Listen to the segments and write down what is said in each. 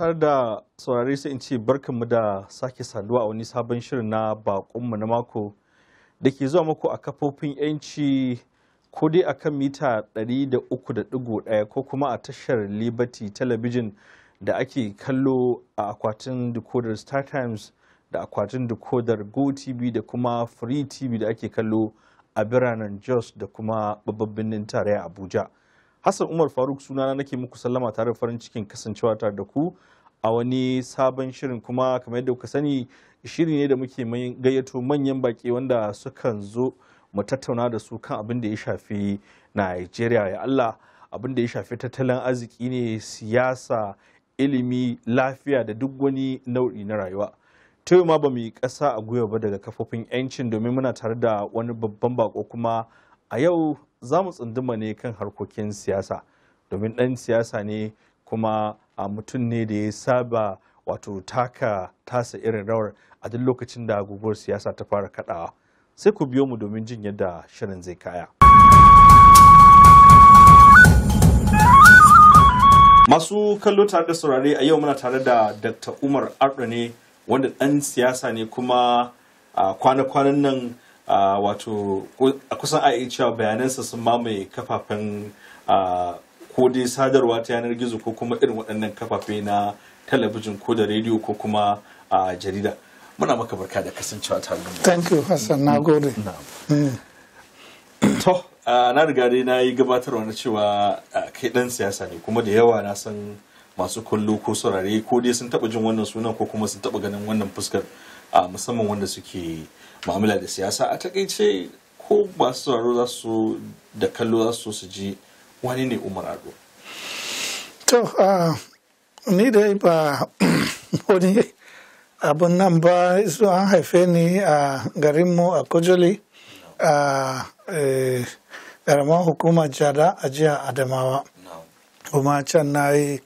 tare da saurari sai in ce barkanmu da sake saduwa a wani sabon shirin na bakonmu na mako da ke zuwa mako a kafofin yanci ko dai a kan mita 300.1 ko kuma a tashar liberty television da ake kallo a akwatin decoder star times da akwatin decoder go tv da kuma free tv da ake kallo a biranen jos da kuma babban birnin tarayya abuja Hassan Umar Faruk sunana nake muku sallama tare da farin cikin kasancewa tare da ku a wani sabon shirin kuma kamar yadda kuka sani shiri ne da muke gayyato manyan baki wanda sukan zo mu tattauna da su kan abin da ya shafi Najeriya ya Allah abin da ya shafi tattalin arziki ne siyasa ilimi lafiya da duk wani nau'i na rayuwa ta yau ma ba mu yi ƙasa a gwiwa ba daga kafofin 'yancin domin muna tare da wani babban bako kuma a yau za mu tsunduma ne kan harkokin siyasa domin ɗan siyasa ne kuma a mutum ne da ya saba wato taka tasa irin rawar a duk lokacin da guguwar siyasa ta fara kaɗawa sai ku biyo mu domin jin yadda shirin zai kaya. Masu kallo tare da saurare a yau muna tare da Dr. Umar Ardo ne wanda ɗan siyasa ne kuma a kwana-kwanan nan wato a kusan a cewa bayanansa sun mamaye kafafen ko dai sadarwa ta yanar gizo ko kuma irin waɗannan kafafe na talabijin ko da rediyo ko kuma a jarida muna maka barka da kasancewa tare da thank you hassan na gode mm. to na riga dai na yi gabatarwa na cewa kai dan siyasa ne kuma da yawa na san masu kallo ko saurare ko dai sun taba jin wannan sunan ko kuma sun taɓa ganin wannan fuskar musamman wanda suke mu'amala da siyasa a takaice ko masu tsaro za su da kallo za su su ji wani ne umar ado to ni dai ba wani abun nan ba su an haife ni a garinmu a kujoli a e, ƙaramin hukumar jada a jiya adamawa kuma can na yi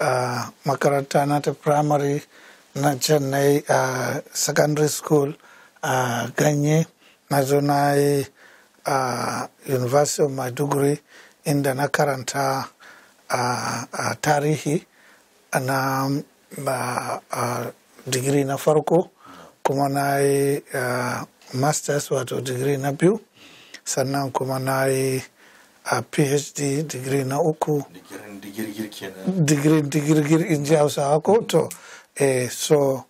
a makaranta na ta primary na can na yi a secondary school a ganye na zo na yi a university of maiduguri inda na karanta a tarihi na digiri na farko kuma na yi masters wato digiri na biyu sannan kuma na yi a phd digiri na uku digirin digirgir in ji hausawa ko to eh, so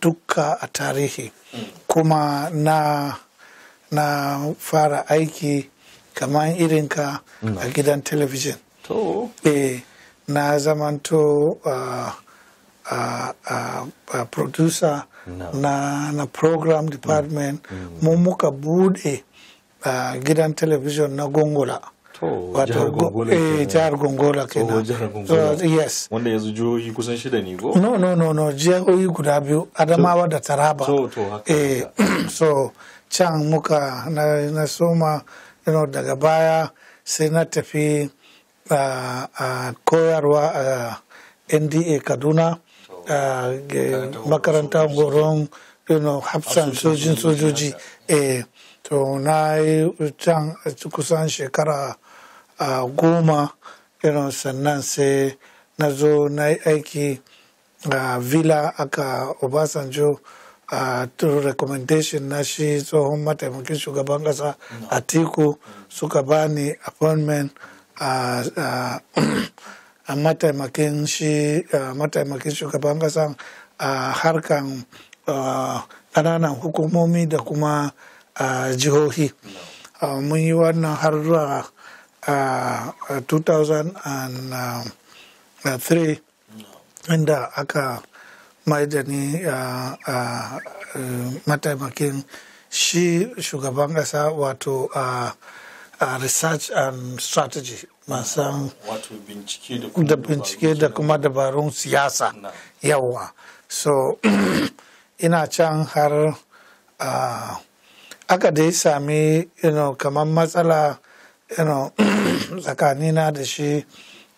duka a tarihi kuma na na fara aiki kamar irinka a mm. gidan talabijin eh na zamanto a producer na, na program mm. department mun mm. mu muka bude gidan talabijin na gongola wato jihar gongola eh, ke nan jihar kenan uh, yes wanda yanzu jihohi kusan shida ne go no no no no jihohi guda biyu adamawa da taraba so to haka eh so can muka na, na soma you know, daga baya sai na tafi a uh, uh, koyarwa a uh, nda kaduna uh, makarantar goron you know, hafsan sojin sojoji eh to na yi can kusan shekara a goma irin sannan sai na zo na aiki a villa aka obasanjo a through recommendation na shi tsohon mataimakin shugaban kasa a tiku suka bani appointment a mataimakin shi mataimakin shugaban kasa a harkan ƙananan hukumomi da kuma jihohi mun yi wannan har zuwa 2003 uh, uh, uh, inda aka mai da ni a mataimakin shi shugaban ƙasa wato a research and strategy masan da bincike da kuma dabarun siyasa yawa so ina can har aka dai sami you know, kamar matsala tsakanina da shi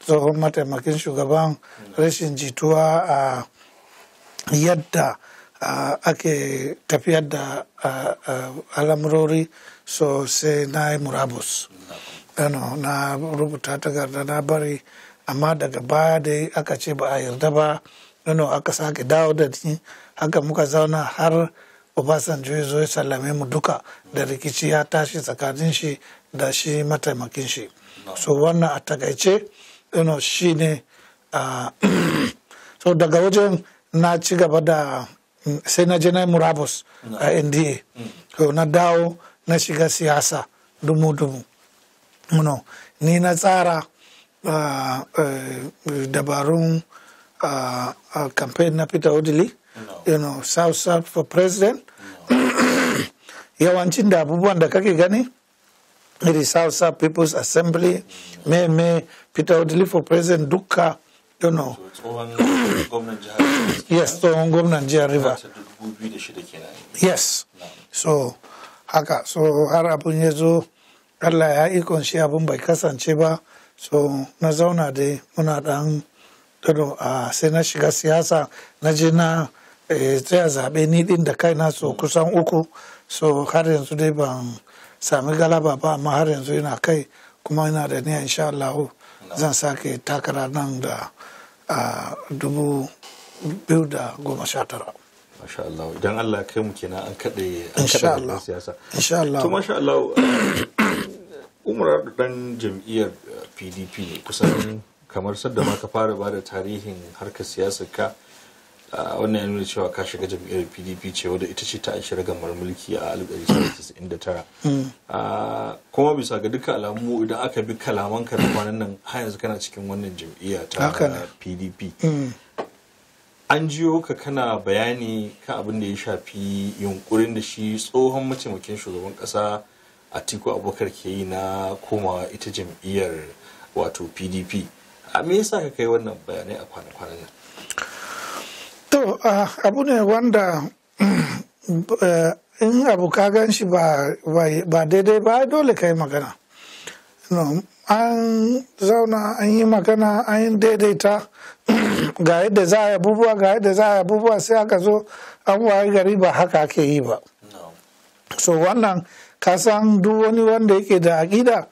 tsohon mataimakin shugaban rashin jituwa a yadda ake tafiyar da al'amurori so sai na yi murabus na rubuta takarda na bari amma daga baya da aka ce ba a yarda ba nuna aka sake dawo da ni haka muka zauna har obasanjo ya zo ya sallame mu duka da rikici ya tashi tsakanin shi da shi mataimakin shi so wannan a takaice ino shi ne so daga wajen na ci gaba da mm, sai na je na murabus a nda so mm. na dawo na shiga siyasa dumu-dumu no. ni na tsara ah, eh, dabarun uh, campaign na peter odili you know south south for president yawancin da abubuwan da kake gani irin salsa People's Assembly, me me Peter Odili for President duka you know. yes, tsohon gwamnan jihar River. Yes. So haka so har abun ya zo Allah ya ikon shi abun bai kasance ba so na zauna dai muna dan tudu a sai na shiga siyasa na je na eh, tsaya zaɓe ni ɗin da kaina so kusan uku so har yanzu dai ban sami galaba ba amma har yanzu ina kai kuma ina da niyya insha Allah zan sake takara nan da dubu biyu da goma sha tara. Masha Allah don Allah kai mu kenan an kaɗe an kaɗe siyasa. Insha Allah. To Masha Allah Umar dan jam'iyyar PDP uh, ne kusan kamar sadda ma ka fara ba da tarihin harkar siyasar ka. wannan ya nuna cewa ka shiga jam'iyyar pdp ce wadda ita ce ta aishi ragamar mulki a 1999 mm. kuma bisa ga duka alamu idan aka bi kalaman ka kwanan nan har yanzu kana cikin wannan jam'iyya ta pdp mm. an jiyo ka kana bayani kan abin da ya shafi yunkurin da shi tsohon mataimakin shugaban kasa atiku abubakar ke yi na komawa ita jam'iyyar wato pdp a me yasa ka kai wannan bayanai a kwanan nan to abu ne wanda eh, in abu ka gan shi ba daidai ba dole ka yi magana an zauna an yi magana an yi daidaita ga yadda za a abubuwa ga yadda za a abubuwa sai aka zo an waye gari ba haka ake yi ba so wannan kasan duk wani wanda yake da aƙida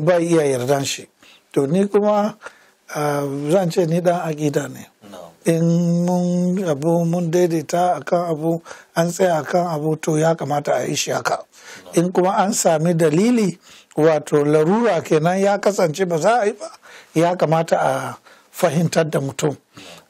bai iya yardan shi to ni kuma eh, zan ce ni dan aƙida ne in mun abu mun daidaita akan abu an tsaya a kan abu to ya kamata a yi shi haka in kuma an sami dalili wato larura kenan ya kasance ba za a yi ba ya kamata a fahimtar da mutum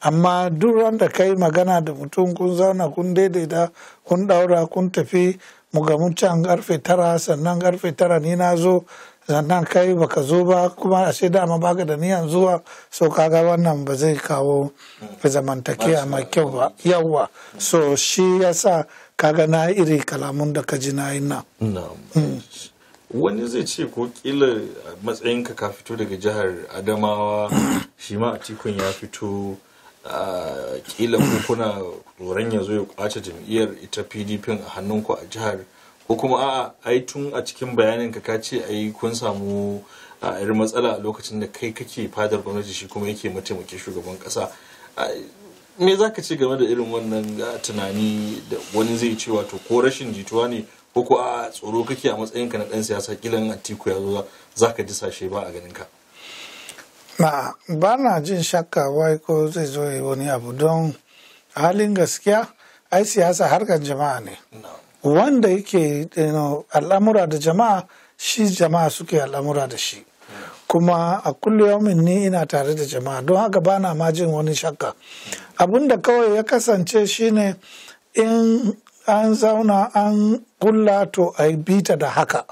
amma duk wanda kai magana da mutum kun zauna kun daidaita kun daura kun tafi mu ga can karfe tara sannan karfe tara ni na zo sannan kai baka zo ba kuma ashe dama baka da niyan zuwa so kaga wannan ba zai kawo zamantakewa mai kyau ba yawa so shi yasa kaga na iri kalamun da ka ji na yi nan hmm. wani zai ce ko kila matsayinka ka fito daga jihar adamawa shi ma a tikun ya fito kila ko kuna tsoron ya zo ya kwace jam'iyyar ita pdp a hannunku a jihar ko kuma a'a ai tun a cikin bayanin ka ce ai kun samu a irin matsala a lokacin da kai kake fadar gwamnati shi kuma yake mataimakin shugaban kasa me za ka ce game da irin wannan tunani da wani zai ce wato ko rashin jituwa ne ko ko a tsoro kake a matsayin ka na ɗan siyasa kilan atiku ya zo za ka disashe ba a ganin ka ba na jin shakka wai ko zai zo yi wani abu don halin gaskiya ai siyasa harkar jama'a ne wanda yake al'amura da jama'a shi jama'a suke al'amura da shi kuma a kulliyomin ni ina tare da jama'a don haka ba na majin wani shakka abinda kawai ya kasance shine in an zauna an kulla to a bita da haka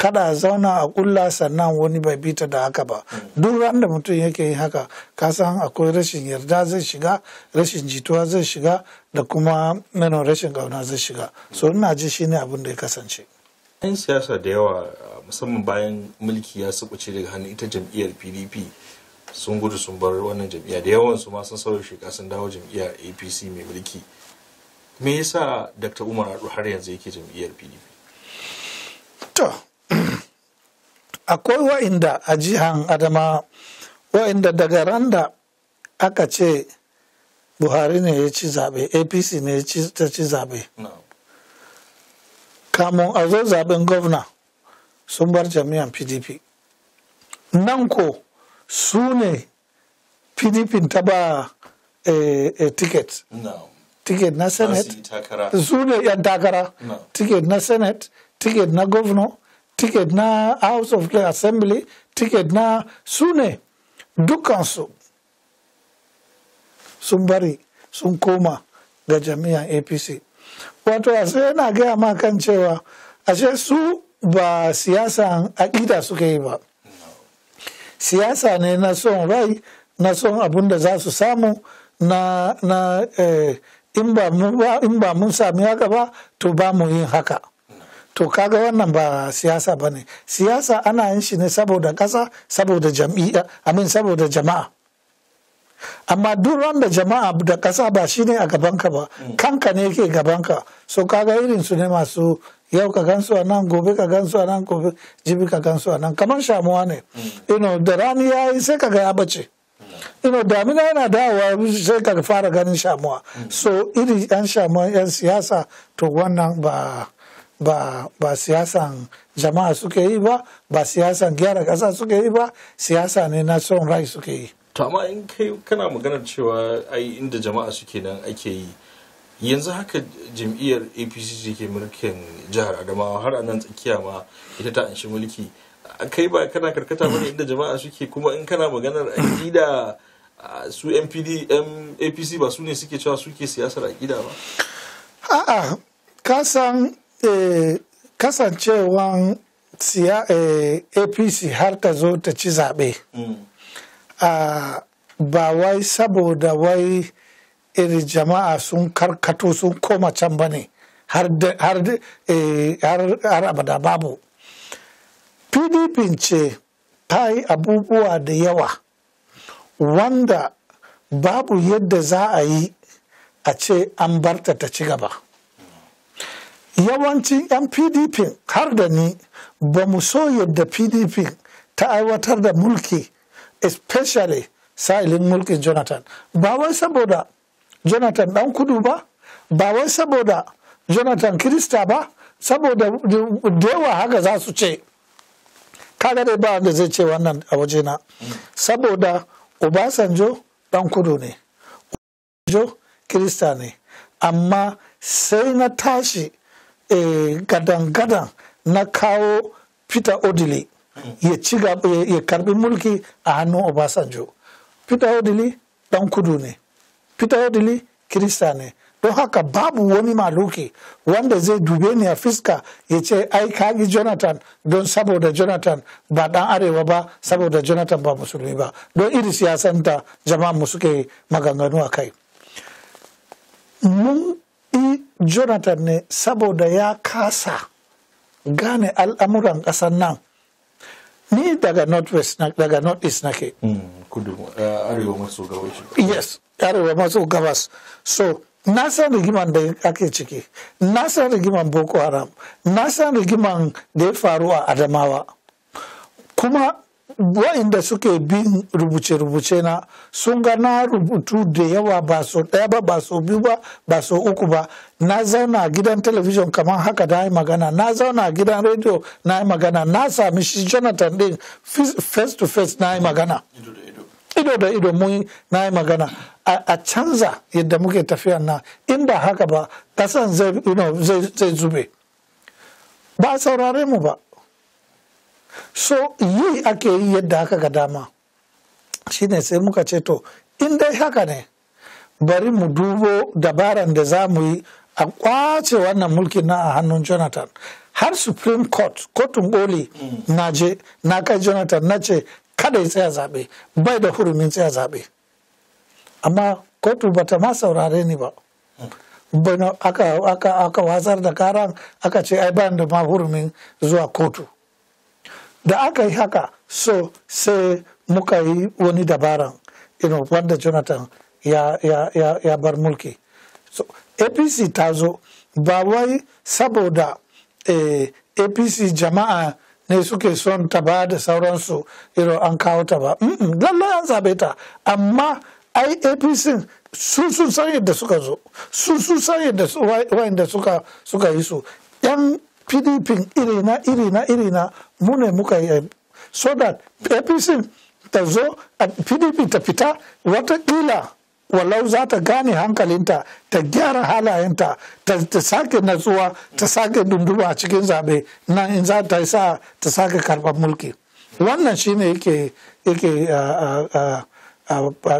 kada a zauna a kulla sannan wani bai bita da haka ba duk ran da mutum yake yi haka kasan akwai rashin yarda zai shiga rashin jituwa zai shiga da kuma nuna rashin kauna zai shiga so ina ji shine abin da ya kasance yan siyasa da yawa musamman bayan mulki ya sukuce daga hannun ita jam'iyyar pdp sun gudu sun bar wannan jam'iyya da yawan su ma sun sauya shiga sun dawo jam'iyyar apc mai mulki me yasa dr umar har yanzu yake jam'iyyar pdp to akwai wa'inda a jihan adama wa'inda daga randa aka ce buhari ne ya ci zaɓe apc ne ta ci zaɓe kamun a zo zaɓen gwamna sun bar jami'an pdp nan ko su ne pdp ta ba eh, eh, ticket ticket na senate su ne yan takara ticket na senate ticket na governor ticket na house of assembly ticket na sune dukansu sun bari sun koma ga jami'an apc wato a sai yana gaya ma kan cewa ashe su ba siyasan aƙida suka yi ba siyasa ne na son rai na son abun da za su samu na, eh, in ba mun sami haka ba to ba mu yin haka to kaga wannan ba siyasa ba ne siyasa ana yin shi ne saboda ƙasa saboda jam'iyya amin saboda jama'a amma duk wanda jama'a da ƙasa ba shi ne a gabanka ba mm. kanka ne ke gabanka so kaga irin su ne masu yau ka gansu a nan gobe ka gansu a nan gobe jibi ka gansu a nan kamar shamuwa ne ino mm. da rani ya yi sai kaga ya bace ino mm. damina yana dawowa sai ka fara ganin shamuwa so iri yan shamuwa yan siyasa to wannan ba ba ba siyasan jama'a suke yi ba ba siyasan gyara ƙasa suke yi ba siyasa ne na son rai suke yi to amma in kai kana maganar cewa ai inda jama'a suke nan ake yi yanzu haka jam'iyyar apc ke mulkin jihar adamawa har a nan tsakiya ma ita ta anshi mulki kai ba kana karkata bane inda jama'a suke kuma in kana maganar aƙida su mpd apc ba su ne suke cewa suke siyasar aƙida ba a'a ka san kasancewan apc eh, har ta zo ta ci zaɓe mm. ah, ba wai saboda wai irin jama'a sun karkato sun koma can ba ne har, eh, abada babu pdp ce ta yi abubuwa da yawa wanda babu yadda za a yi a ce an barta ta ci gaba yawancin 'yan pdp har da ni ba mu so yadda pdp ta aiwatar da mulki especially sa'ilin mulkin jonathan ba wai saboda jonathan dan kudu ba ba wai saboda jonathan kirista ba saboda dewa haka za su ce kaga dai ba wanda zai ce wannan a wajena saboda obasanjo dan kudu ne obasanjo kirista ne amma sai na tashi gadan-gadan eh, na kawo peter odile ya ci ya karbi mulki a hannun obasanjo peter odile dan kudu ne peter odile kirista ne don haka babu wani maluki wanda zai dube ni a fiska ya ce ai kagi jonathan don saboda jonathan ba dan arewa ba saboda jonathan ba musulmi ba don iri santa jama'a mu suke maganganu a kai mun jonathan ne saboda ya kasa gane al'amuran ƙasar nan ni daga northwest na, daga northeast nake hmm, kudu eh, arewa maso gabas yes arewa maso gabas so na san rigiman da ake ciki na san rigiman boko haram na san rigiman da ya faru a adamawa kuma waɗanda suke bin rubuce-rubuce na sun ga na rubutu da yawa ba so ɗaya ba ba so biyu ba ba so uku ba na zauna gidan talabijin kamar haka da yi magana na zauna gidan rediyo na yi magana na sami shi jonathan din face to face na yi magana ido da ido mun na yi magana a canza yadda muke tafiya na inda haka ba kasan zai zube ba saurare mu ba so yi ake yi yadda haka ga dama shine sai muka ce to in dai haka ne bari mu dubo dabaran da za mu yi a kwace wannan mulkin na a hannun jonathan har supreme court kotun koli mm. na je na kai jonathan na ce kada ya tsaya zaɓe bai da hurumin tsaya zaɓe amma kotu ba ta ma saurare ni ba mm. aka, aka, watsar da karan aka ce ai bayan da ma hurumin zuwa kotu da aka yi haka so sai muka yi wani dabaran wanda jonathan ya, ya, bar mulki so, apc ta zo ba wai saboda eh, apc jama'a ne suke son ta ba da sauransu irin an kawo ta ba mm -mm, lallai an zabe ta amma ai apc sun san yadda suka zo sun san yadda yi su yan pdp irina irina irina mu ne muka yi eh, so that apc ta zo a pdp ta fita watakila walau za ta gane hankalinta ta gyara halayenta ta sake natsuwa ta sake dunduma a cikin zaɓe na in za ta sa ta sake karɓar mulki wannan shine yake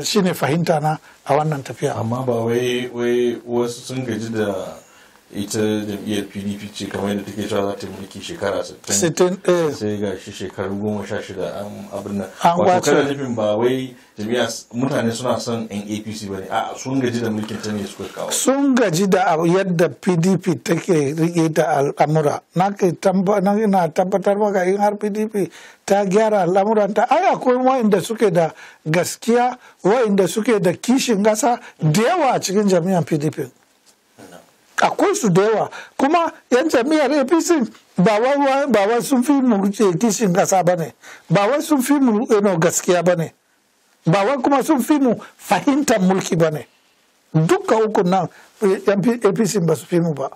shi ne fahimta na a wannan tafiya amma ba wai wasu sun gaji da ita jam'iyyar pdp ce kamar yadda take cewa za ta mulki shekara 60 sai ga shi shekaru goma sha shida an abin nan wato kada nufin ba wai jam'iyya mutane suna son yan apc ba ne a sun gaji da mulkin ta ne suka kawo sun gaji da yadda pdp take rike da al'amura na tabbatar maka in har pdp ta gyara ta ai akwai wa'inda suke da gaskiya wa'inda suke da kishin gasa da yawa a cikin jami'an pdp akwai su da yawa kuma yan jam'iyyar apc ba wai sun fi mu kishin kasa ba ne ba wai sun fi mu gaskiya ba ne ba wai kuma sun fi mu fahimtar mulki ba ne duka ukun nan apc ba su fi mu ba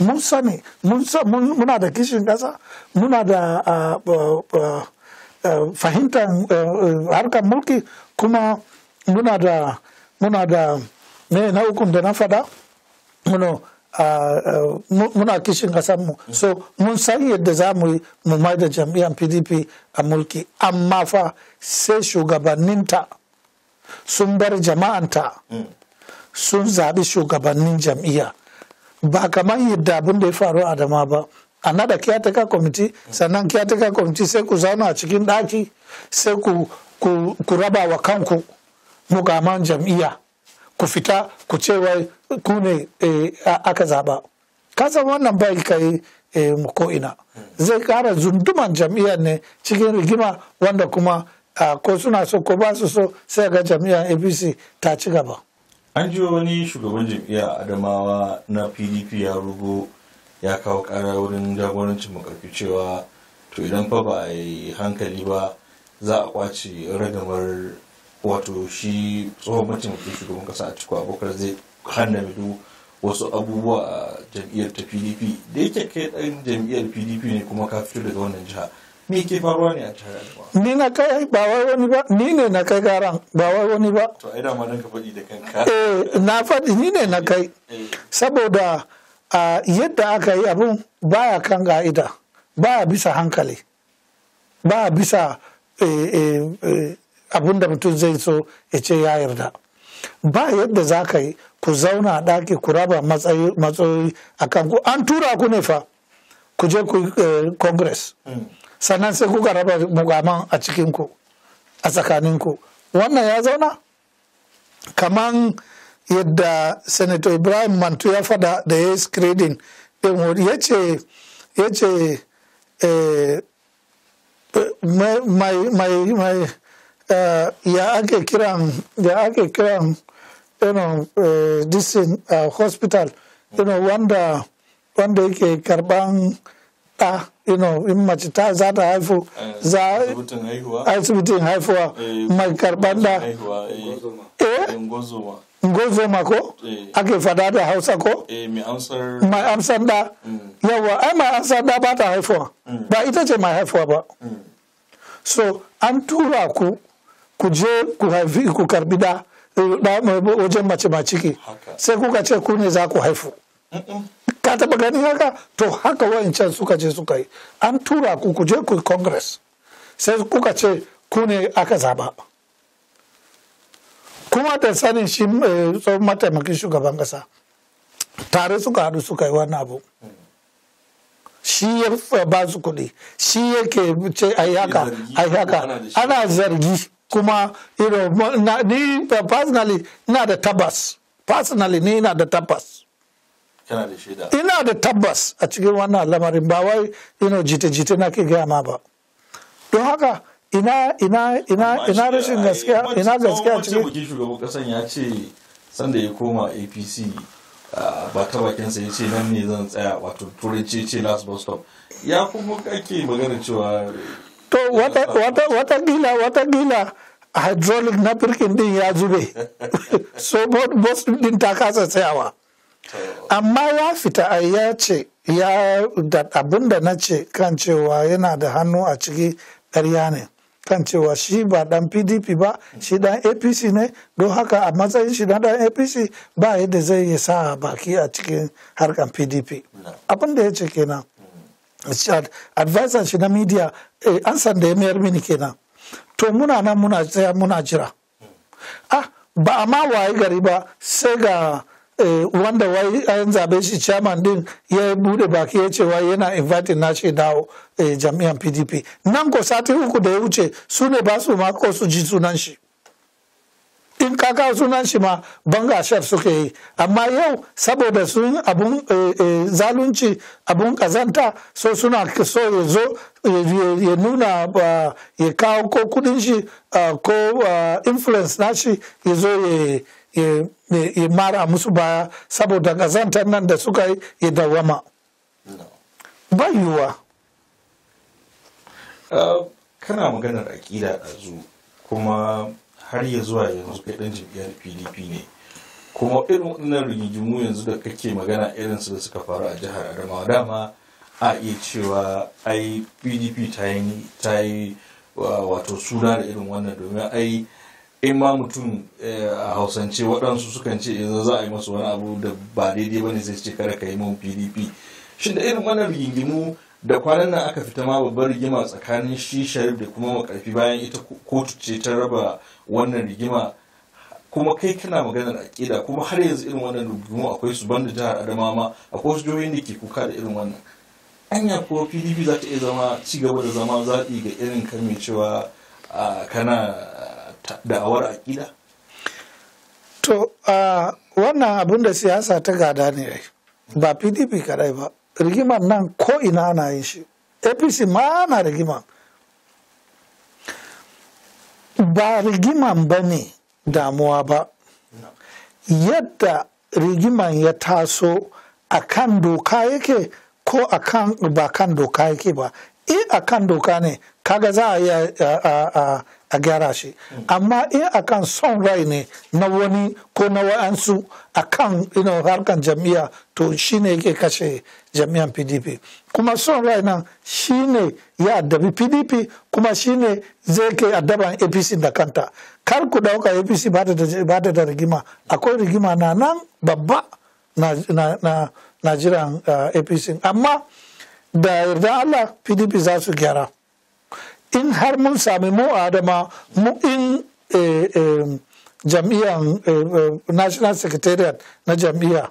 mun sani muna da kishin kasa muna da fahimtar harkar mulki kuma muna da muna da na ukun da na fada muna kishin mu so mun san yadda za mu mu mai da jam'iyyar pdp a mulki amma fa sai shugabanninta sun bar jama'anta sun zaɓi shugabannin jam'iyya ba kamar yadda abin da ya faru a dama ba a nada kiyataka kwamiti sannan kiyataka kwamiti sai ku zauna a cikin ɗaki sai ku ku raba wa kanku mugaman jam'iyya ku fita ku ce wai ku ne eh, aka zaɓa kasan wannan bai kai eh, ko ina zai ƙara zunduman jam'iyyar ne cikin rigima wanda kuma ko suna so ko ba su so sai ga jam'iyyar apc ta ci gaba an ji wani shugaban jam'iyyar adamawa na pdp ya rugo ya kawo ƙara wurin jagorancin makarfi cewa to idan fa ba a yi hankali ba za a kwace ragamar wato shi tsohon mataimakin shugaban kasa a cikin abokan zai kanaru wasu abubuwa a jam'iyyar ta pdp da yake kai ɗan jam'iyyar pdp ne kuma ka fito daga wannan jiha Ni ke faruwa ne a jihar adamawa ni na kai ba wai wani ba ni ne na kai garan ba wai wani ba to ai dama dan ka faɗi da kanka eh na faɗi ni ne na kai eh. saboda yadda aka yi abun baya kan ga'ida baya bisa hankali baya bisa eh, eh, abun da mutum zai so ya ce ya yarda ba yadda za ka yi ku zauna ɗaki ku raba matsayi a kan ku an tura ku ne fa ku je ku eh, congress sannan sai kuka raba mugaman a cikinku a tsakaninku wannan ya zauna kaman yadda senator ibrahim mantu ya fada da ya yi screening ya ce ya ce eh, mai eh, ya ake kiran you know, uh, this in, uh, eh, hospital you know, wanda wanda yake karban ɗa you know, in mace ta za ta haifu eh, za asibitin haifuwa mai karban ɗa ngozoma ko ake fada da hausa ko mai amsar da mm. yawa ai mai amsar da ba ta haifuwa mm. ba ita ce ma haifuwa ba mm. so an tura ku ku je ku karbi ɗa wajen mace ma ciki sai kuka ce ku ne za ku haifu ka taba gani haka to haka wa'ancan suka je suka yi an tura ku ku je ku congress sai kuka ce ku ne aka zaba kuma da sanin shi eh, tsohon mataimakin shugaban kasa tare suka haɗu suka yi wannan abu shi ya ba su kuɗi shi yake ce ai haka ai haka ana zargi kuma na, ni personally ina da tabbas personally ni ina da tabbas kana da ina da tabbas a cikin wannan lamarin ba wai you jita-jita na ke gaya ma ba don haka ina ina ina ina rashin gaskiya ina gaskiya cikin wancan shugaban kasan ya ce sanda ya koma apc ba ta bakinsa ya ce nan ne zan tsaya wato turanci ce last bus stop ya kuma kake magana cewa to wata gila gila a hydraulic na birkin din ya zube so bus din ta kasa tsayawa amma ya fita a ya ce ya da abin da na ce kan cewa yana da hannu a ciki ƙarya ne kan cewa shi ba dan pdp ba shi dan apc ne don haka a matsayin shi na dan apc ba yadda zai yi sa baki a cikin harkan pdp abin da ya ce kenan advisor shi na media eh, ansan da ya mayar mini kenan to muna nan muna tsaya muna jira ah ba a ma waye gari ba sai ga eh, wanda wai an zabe shi chairman din ya bude baki ya ce wai yana inviting na shi dawo eh, jami'an pdp nan ko sati uku da ya wuce su ne ba su ma ko su ji sunan shi in kaka sunan shi ma ban gashar suke yi amma yau saboda sun abun eh, eh, zalunci abun kazanta so suna so ya zo ya nuna ya kawo ko kudin shi ko influence na shi ya zo ya mara musu baya saboda kazantar nan da suka yi ya dawama bayuwa uh, kana maganar aƙida ɗazu kuma har ya zuwa yanzu kai dan jam'iyyar pdp ne kuma irin waɗannan rigigimu yanzu da kake magana irin su da suka faru a jihar adamawa dama a iya cewa ai pdp ta yi wato suna da irin wannan domin ai in ma mutum eh, a hausance waɗansu sukan ce yanzu za a yi masu wani abu da ba daidai ba ne sai ce kada ka yi mun pdp shin da irin wannan rigingimu da kwanan nan aka fita ma babbar rigima tsakanin shi sharif da kuma makarfi bayan ita kotu ce ta raba wannan rigima kuma kai kana maganar aƙida kuma har yanzu irin wannan rigima akwai su banda jihar adama akwai su jihohin da ke kuka da irin wannan anya ko pdp za ta iya zama ci gaba da zama zaɓi ga irin kan mai cewa kana da'awar aƙida to wannan abin da siyasa ta gada ne ba pdp kadai ba rigiman nan ko ina na yin shi apc ma na rigiman ba rigiman ba ne damuwa ba yadda rigiman ya taso a kan doka yake ko a kan ba kan doka yake ba e a kan doka ne kaga za a yi a gyara shi amma in akan son rai ne na wani ko na wa'ansu akan ino harkan jami'a to shine yake kashe jam'iyyar pdp kuma son rai nan shine ya addabi pdp kuma shine zai ke addaban apc da kanta kar ku dauka apc ba da da rigima akwai rigima na nan babba na jiran uh, apc amma da yarda allah pdp za su gyara in har mun sami mu adama mu in eh, eh, jam'iyyar eh, national secretariat na jam'iyya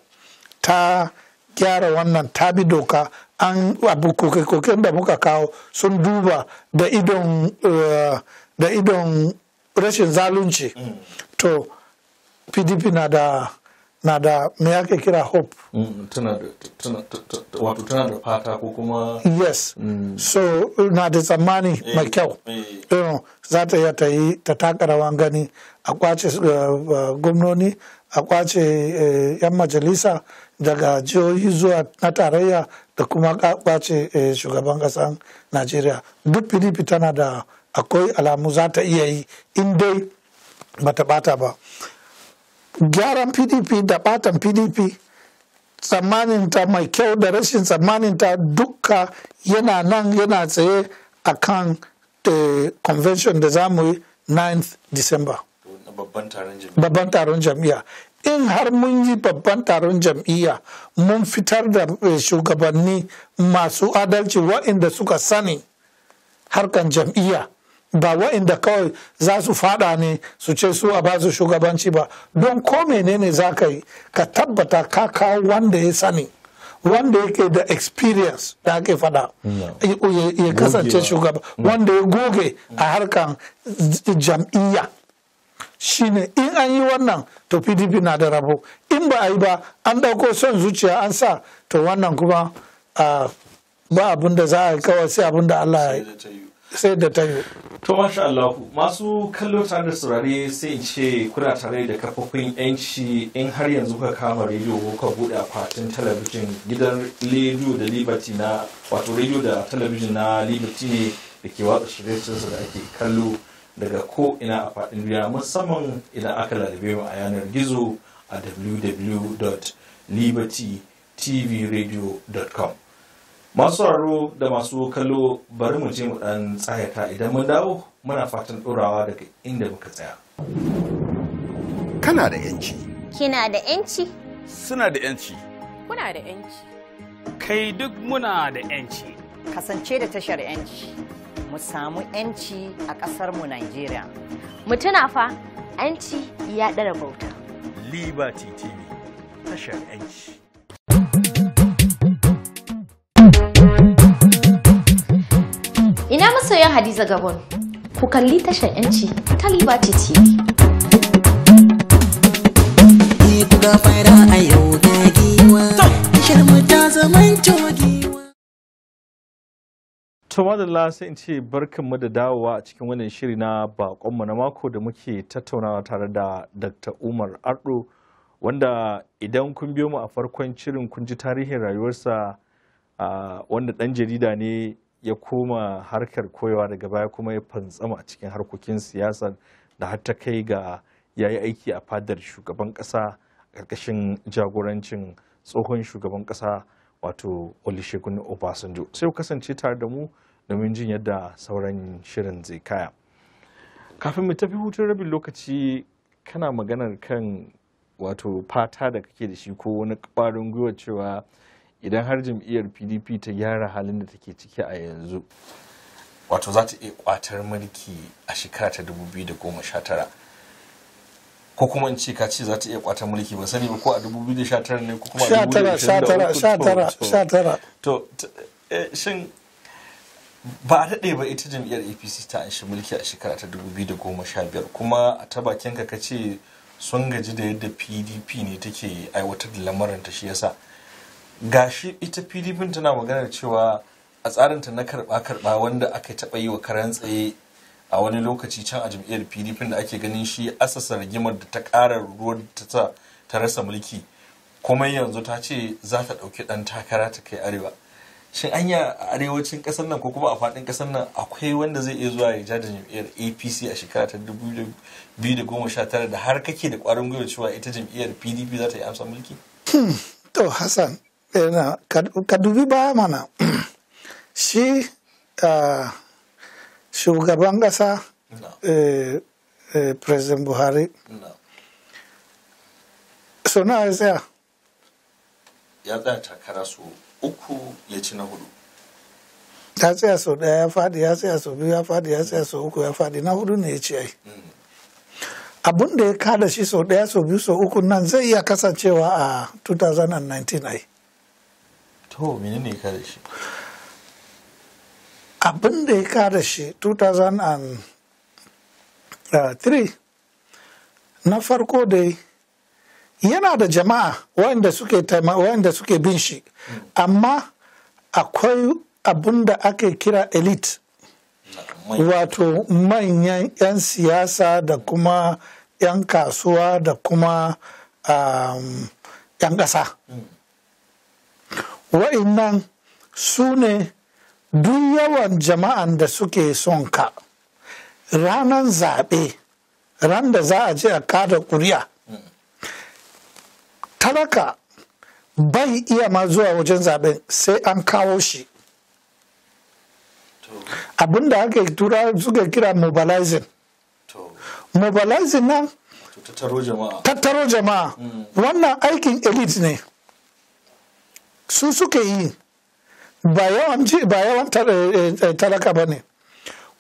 ta gyara wannan ta bi doka an abu koke da muka kawo sun duba da idon da idon rashin zalunci mm. to pdp na da na da me ake kira hope mm, wato tana da fata ko kuma yes mm. so na da tsammani eh, mai kyau eh. za ta iya ta yi ta taka rawan gani a kwace uh, uh, gwamnoni a kwace eh, 'yan majalisa daga jihohi zuwa na tarayya da kuma kwace shugaban kasan najeriya duk pdp tana da akwai alamu za ta iya yi in dai bata bata ba gyaran pdp da batan pdp tsammaninta mai kyau da rashin tsammaninta dukka yana nan yana tsaye a kan eh, convention da za mu yi 9th december babban taron jam'iyya in har mun yi babban taron jam'iyya mun fitar da eh, shugabanni masu adalci wa'inda suka sani harkan jam'iyya ba wa'inda kawai za su fada ne su ce su a ba su shugabanci ba don ko menene za ka yi ka tabbata ka kawo wanda ya sani wanda yake da experience da ake fada ya kasance shugaba mm. wanda ya goge a harkan jam'iyya shine in an yi wannan to pdp na da rabo in ba a yi ba an ɗauko son zuciya an sa to wannan kuma ah, ba abin za a yi kawai sai abin da allah ya yi sai da ta yi to masha Allah masu kallo tare da saurare sai in ce kuna tare da kafofin yanci in har yanzu kuka kama rediyo ko ka bude akwatin talabijin gidan rediyo da liberty na wato rediyo da talabijin na liberty ne da ke watsa shirye-shiryensu da ake kallo daga ko ina a faɗin duniya musamman idan aka lalabe mu a yanar gizo a www.libertytvradio.com masu sauraro da masu kallo bari mu je mu dan tsayata idan mun dawo muna fatan ɗorawa daga inda muka tsaya kana da yanci kina da yanci suna da yanci kuna da yanci kai duk muna da yanci kasance da tashar yanci mu samu yanci a ƙasar mu Najeriya mu tuna fa yanci ya ɗara bauta liberty tv tashar yanci Ina masoyan Hadiza Gabon? Ku kalli tashar 'yanci ta Liberty TV. Kuka fara a To madalla sai in ce barkanmu da dawowa a cikin wannan shiri na mu na mako da muke tattaunawa tare da Dr. Umar Ardo wanda idan kun biyo mu a farkon shirin kun ji tarihin rayuwarsa ah, wanda ɗan jarida ne ya koma harkar koyawa daga baya kuma ya fantsama a cikin harkokin siyasa da har ta kai ga ya yi aiki a fadar shugaban ƙasa ƙarƙashin jagorancin tsohon shugaban kasa wato olusegun obasanjo sai ku kasance tare da mu domin jin yadda sauran shirin zai kaya kafin mu tafi hutun rabin lokaci kana maganar kan wato fata da kake da shi ko wani ƙwarin gwiwa cewa idan har jam'iyyar pdp ta gyara halin da take ciki a yanzu wato za ta iya kwatar mulki a shekara ta 2019 ko kuma in ce ka ce za ta iya kwatar mulki ba sani ba ko a 2019 ne ko kuma a 2019 to eh, shin ba a daɗe ba ita jam'iyyar apc ta anshi mulki a shekara ta 2015 kuma a ta bakin ka ce sun gaji da yadda pdp ne take aiwatar da lamarin ta shi yasa gashi ita pdp tana maganar cewa a tsarinta na karba-karba wanda aka taba yi wa karan tsaye a wani lokaci can a jam'iyyar pdp da ake ganin shi asasa rigimar da ta kara ruwan ta ta rasa mulki kuma yanzu ta ce za ta ɗauki ɗan takara ta kai arewa shin anya a arewacin ƙasar nan ko kuma a faɗin kasar nan akwai wanda zai iya zuwa ya jada jam'iyyar apc a shekara ta 2019 da har kake da kwarin gwiwa cewa ita jam'iyyar pdp za ta yi amsa mulki hmm. to hassan Eh, ka dubi baya mana shi ah, shugaban ƙasa eh, eh, president buhari so na ya tsaya ya tsaya takara so uku ya ci na hudu ya tsaya so daya ya faɗi ya tsaya so biyu ya faɗi ya tsaya so uku ya faɗi na hudu ne ya ci ai mm. abun da ya kada shi so daya so biyu so uku nan zai iya kasancewa a 2019 ai to ne ka da shi abin da ya kada shi 2003 na farko dai yana da jama'a wanda suke wanda suke bin shi amma akwai abin da ake kira elite wato manyan 'yan siyasa da kuma 'yan kasuwa da kuma um, 'yan ƙasa. Mm. wa'innan su ne duk yawan jama'an da suke son ka ranar zaɓe ran da za a je a kada ƙuri'a talaka bai iya ma zuwa wajen zaɓen sai an kawo shi abinda aka tura suka kira mobilizing mobilizing nan tattaro jama'a mm. wannan aikin elite ne su suke yi ba yawan eh, eh, talaka ba ne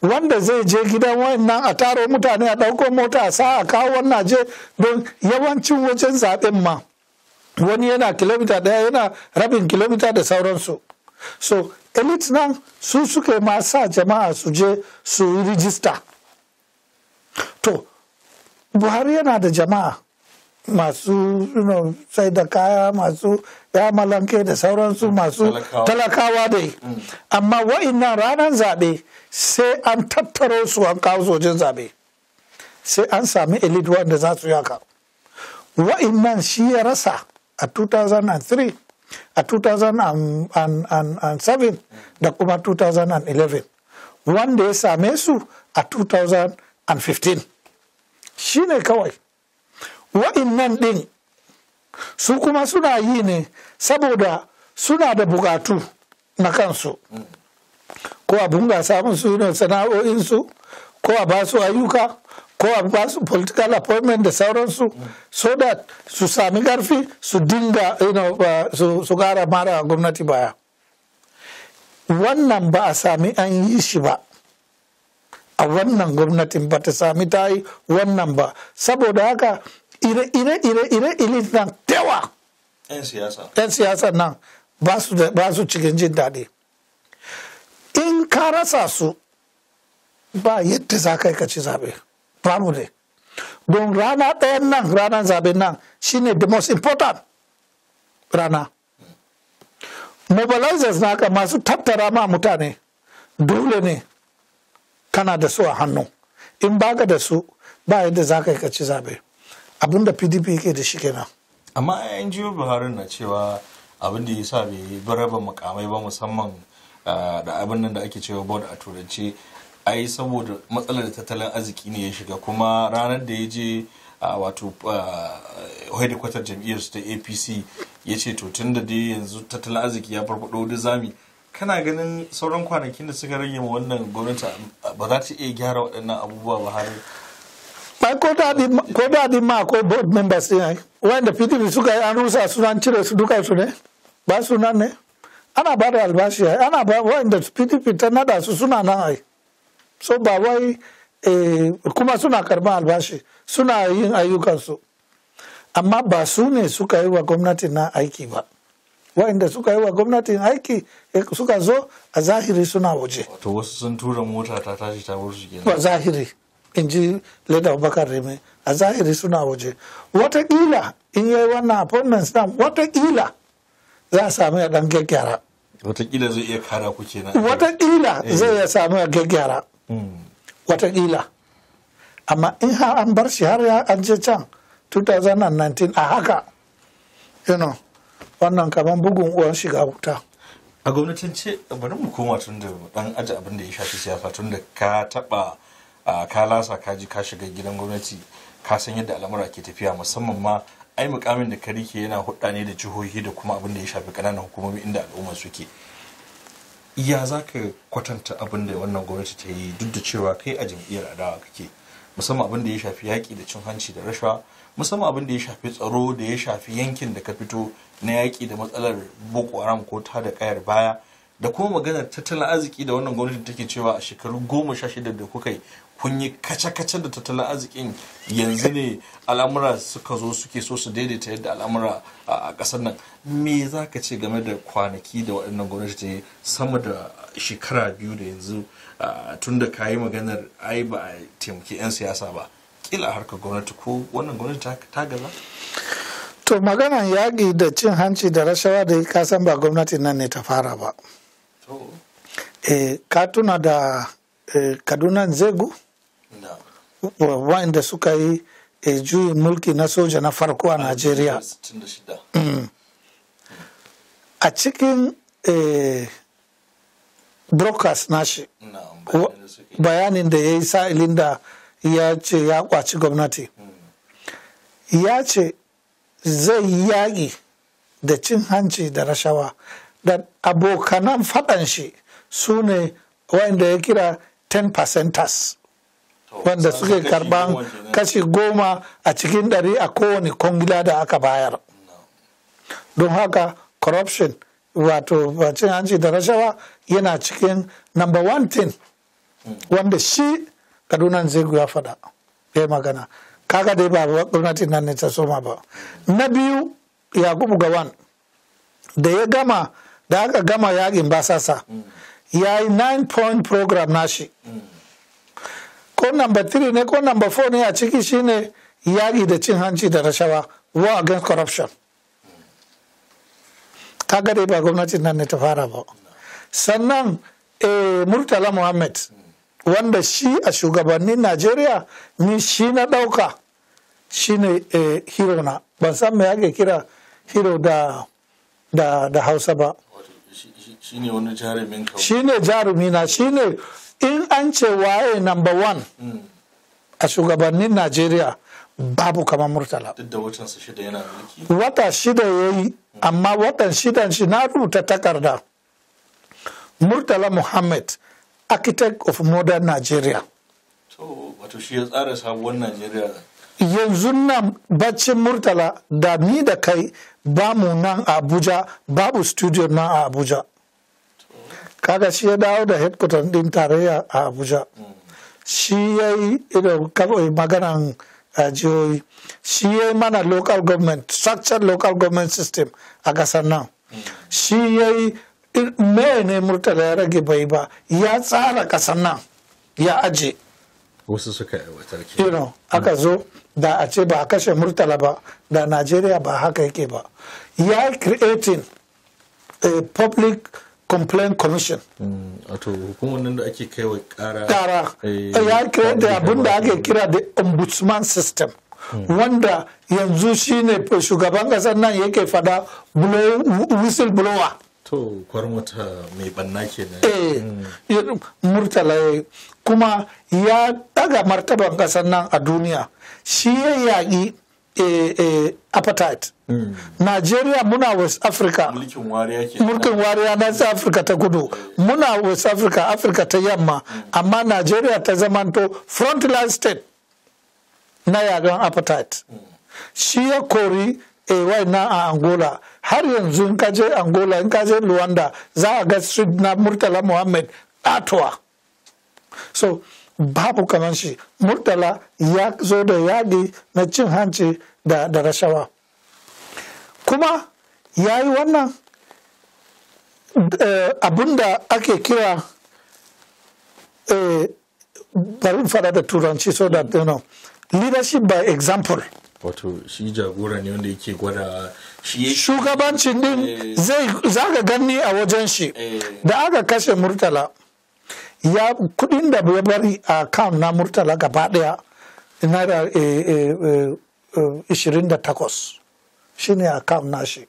wanda zai je gidan wannan a taro mutane a ɗauko mota a sa a kawo wannan je don yawancin wajen zaɓen ma wani yana kilomita ɗaya yana rabin kilomita da sauransu so elite nan su suke ma sa jama'a su je su yi rijista to buhari yana da jama'a masu sai da kaya masu ya malanke da sauransu mm, masu talakawa dai mm. amma wa'innan ranar zaɓe sai an tattaro su an kawo sojin zaɓe sai an sami elite wanda za su yaka nan shi ya rasa a 2003 a 2007 da kuma 2011 wanda ya same su a 2015 shi ne kawai wa'innan ɗin su kuma suna yi ne saboda suna da bukatu na kansu ko a samun su musu sana'o'insu ko a basu ayyuka ko a basu political appointment da sauransu so that su sami karfi su dinga su gara mara gwamnati baya wannan ba a sami an yi shi ba a wannan gwamnatin ba ta sami ta yi wannan ba saboda haka ire-ire nan yawa 'yan siyasa nan ba su cikin jin daɗi in ka rasa su ba yadda za ka yi ka ci zaɓe ba mu ne don rana ɗayan nan ranar zaɓe nan shine the most important rana mobilizers naka masu tattara ma mutane dole ne kana da su a hannu in baka da su ba yadda za ka yi ka ci zaɓe abin da pdp yake da shi kenan amma yan jiyo buhari na cewa abin da ya sa bai bi raba mukamai ba musamman ah, da abin nan da ake cewa board a turanci ai saboda matsalar tattalin arziki ne ya shiga kuma ranar da ya je ah, ah, a wato hedikwatar jam'iyyar ta apc ya ce to tun da dai yanzu tattalin arziki ya farfado da zami kana ganin sauran kwanakin da suka rage wannan gwamnati ba za ta iya gyara waɗannan abubuwa ba har ai ko da daɗi ma ko board members din ai da pdp suka yi an rusa su an cire su duka su ne ba su nan ne ana ba da albashi ai ana ba da pdp ta nada su suna nan ai so ba wai eh, kuma suna karban albashi suna yin ayyukan su amma ba su ne suka yi wa gwamnati na aiki ba da suka yi wa gwamnatin aiki eh, suka zo a zahiri suna waje to wasu sun tura mota ta tashi ta wurin su kenan ba zahiri in ji leda abubakar rime a zahiri suna waje watakila in yi wannan appointment na watakila za a sami a dan gyaggyara watakila zai iya kara ku kenan watakila eh. zai iya sami a gyaggyara hmm. watakila amma in har an bar shi har ya an je can 2019 a haka you know wannan kamar bugun uwan shiga wuta a gwamnatin ce bari mu koma tun da dan aji abin da ya shafi siyasa tun da ka taba ka lasa ka ji ka shiga gidan gwamnati ka san yadda al'amura ke tafiya musamman ma ai mukamin da ka rike yana hudda ne da jihohi da kuma abin da ya shafi kananan hukumomi inda al'umma suke iya za ka kwatanta abin da wannan gwamnati ta yi duk da cewa kai a jam'iyyar adawa kake musamman abin da ya shafi yaƙi da cin hanci da rashawa musamman abin da ya shafi tsaro da ya shafi yankin da ka fito na yaƙi da matsalar boko haram ko ta da kayar baya da kuma maganar tattalin arziki da wannan gwamnati take cewa a shekaru goma sha shida da kuka kun yi kace-kace da tattalin arzikin yanzu ne al'amura suka zo suke so su daidaita yadda al'amura a ƙasar nan me za ka ce game da kwanaki da waɗannan gwamnati ta yi sama da shekara biyu da yanzu tun da ka yi maganar ai ba a taimaki 'yan siyasa ba kila harkar gwamnati ko wannan gwamnati ta gaza to maganan yaƙi da cin hanci da rashawa da san ba gwamnati nan ne ta fara ba eh, ka tuna da eh, kaduna zegu wa'inda suka yi eh, juyin mulki na soja na farko a najeriya mm. a cikin eh, broadcast nashi bayanin da ya yi sa'ilin da ya ce ya kwaci gwamnati mm. ya ce zai yaƙi da cin hanci da rashawa da abokanan faɗan shi su ne wa'inda ya kira 10 percenters wanda suke karban kashi goma a cikin ɗari a kowane kwangila da aka bayar don haka corruption wato cin hanci da rashawa yana cikin number one thing wanda shi kaduna zai ya faɗa ya magana kaga dai ba gwamnatin nan ne ta soma ba na biyu ya gubu ga wan. da ya gama da aka gama yakin basasa ya yi nine point program nashi ko number 3 ne ko number 4 ne a ciki shine yaƙi da cin hanci da rashawa war against corruption ta dai ba gwamnatin nan ne ta fara ba sannan eh, murtala muhammad wanda shi a shugabannin najeriya ni shi na ɗauka shine eh, hero na ban san me ake kira hero da da hausa ba shine wani jarumi na shine in an ce waye number one a shugabannin najeriya babu kamar murtala duk da watan shida yana mulki wata shida ya yi amma watan shidan shi na rubuta takarda murtala muhammad architect of modern nigeria wato shi ya tsara sabuwar Najeriya. yanzu nan baccin murtala da ni da kai ba mu nan a abuja babu studio nan a abuja kaga shi ya dawo da headquarters din tarayya a abuja shi ya yi maganan eh, jihohi shi ya yi mana local government structured local government system a kasar nan shi ya yi mai ne murtala ya rage bai ba ya tsara kasar nan ya aje wasu suka aiwatar ke aka zo da a ce ba a kashe murtala ba da najeriya ba haka yake ba ya yi creating a public complaint commission mm, wato hukumar nan da ake kai wa kara kara eh, eh, ya kira da abin da ake kira da ombudsman system hmm. wanda yanzu shi ne shugaban kasar nan yake fada whistle blower to kwarmata mai banna kenan eh hmm. murtala kuma ya daga martaban kasar nan a duniya shi ya yaƙi eh, eh, apartheid mm. nigeria muna west africa mulkin wariya na afirka ta kudu muna west africa Africa ta yamma mm. amma nigeria ta zamanto frontline state na yagan appetite. mm. shi ya kori eh, ay na a angola har yanzu in kaje angola in kaje luwanda za a ga street na murtala muhammad Atwa. so babu kamar shi murtala ya zo da yaƙi na cin hanci da rashawa kuma ya yi wannan eh, abin da ake kira eh, bari fada da turanci so that you know leadership by example wato shi jagora ne wanda yake gwada shugabancin din eh. zai zaga ganni a wajen shi da aka kashe murtala ya kudin da ya bari a account na murtala gaba daya naira 28 shine account nashi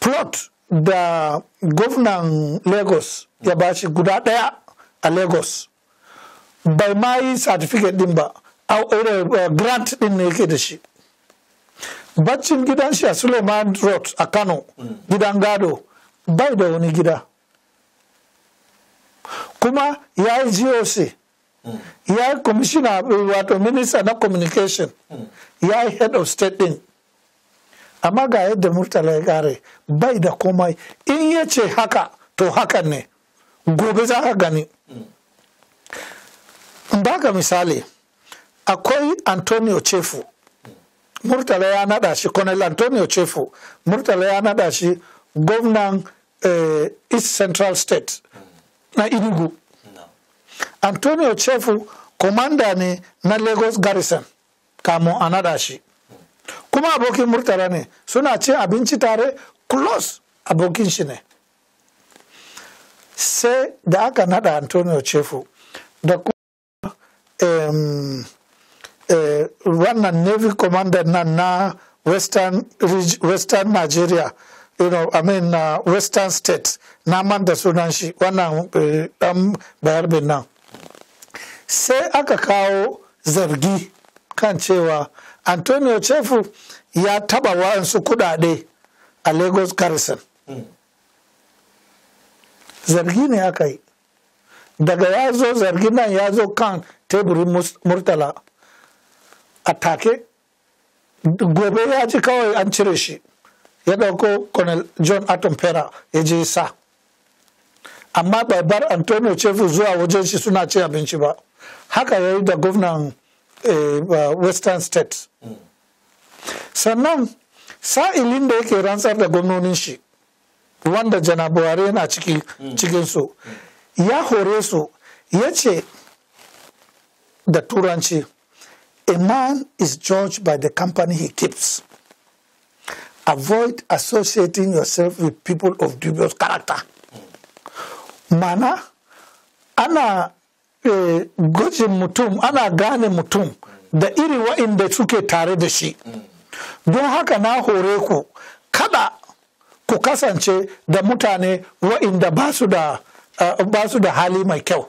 plot da gwamnan lagos ya bashi guda daya a lagos bai ma yi certificate din ba eh, eh, grant din ne yake da shi baccin gidan shi a suleiman road a kano mm. gidan gado bai da wani gida kuma ya yi GOC ya yi commissioner wato minister na communication ya yi head of state din amma ga yadda murtala ya kare bai da komai in ya ce haka to haka ne gobe za ka gani in baka misali akwai antonio chefu murtala ya nada shi colonel antonio chefu murtala ya nada shi gwamnan eh, east central state na inugu Antonio Chefu komanda ne na Lagos Garrison kamo anadashi Kuma abokin Murtala ne suna cin abinci tare close abokin shi ne. Sai da aka nada Antonio Chefu da kuma um, uh, eh, wannan Navy commander na na Western, Western Nigeria. you know, I mean, uh, Western State, na man da sunan shi wannan ɗan eh, bayarbin nan. Sai aka kawo zargi kan cewa Antonio Chefu ya taɓa wa'ansu kudade a Lagos Garrison. Zargi ne aka yi. Daga ya zo zargi nan ya zo kan teburin Murtala a take. Gobe ya ji kawai an cire shi. ya ɗauko colonel john atom pera ya je sa amma bai bar antonio chefu zuwa wajen shi suna ci abinci ba haka ya yi da gwamnan eh, western state sannan sa'ilin da yake rantsar da gwamnonin shi wanda jana buhari yana cikinsu ya hore su ya ce da turanci a man is judged by the company he keeps avoid associating yourself with people of dubious character mana ana eh, mutum ana gane mutum da iri wa'inda suke tare da shi don haka na hore ku kada ku kasance da mutane wa'inda ba su da eh, ba su da hali mai kyau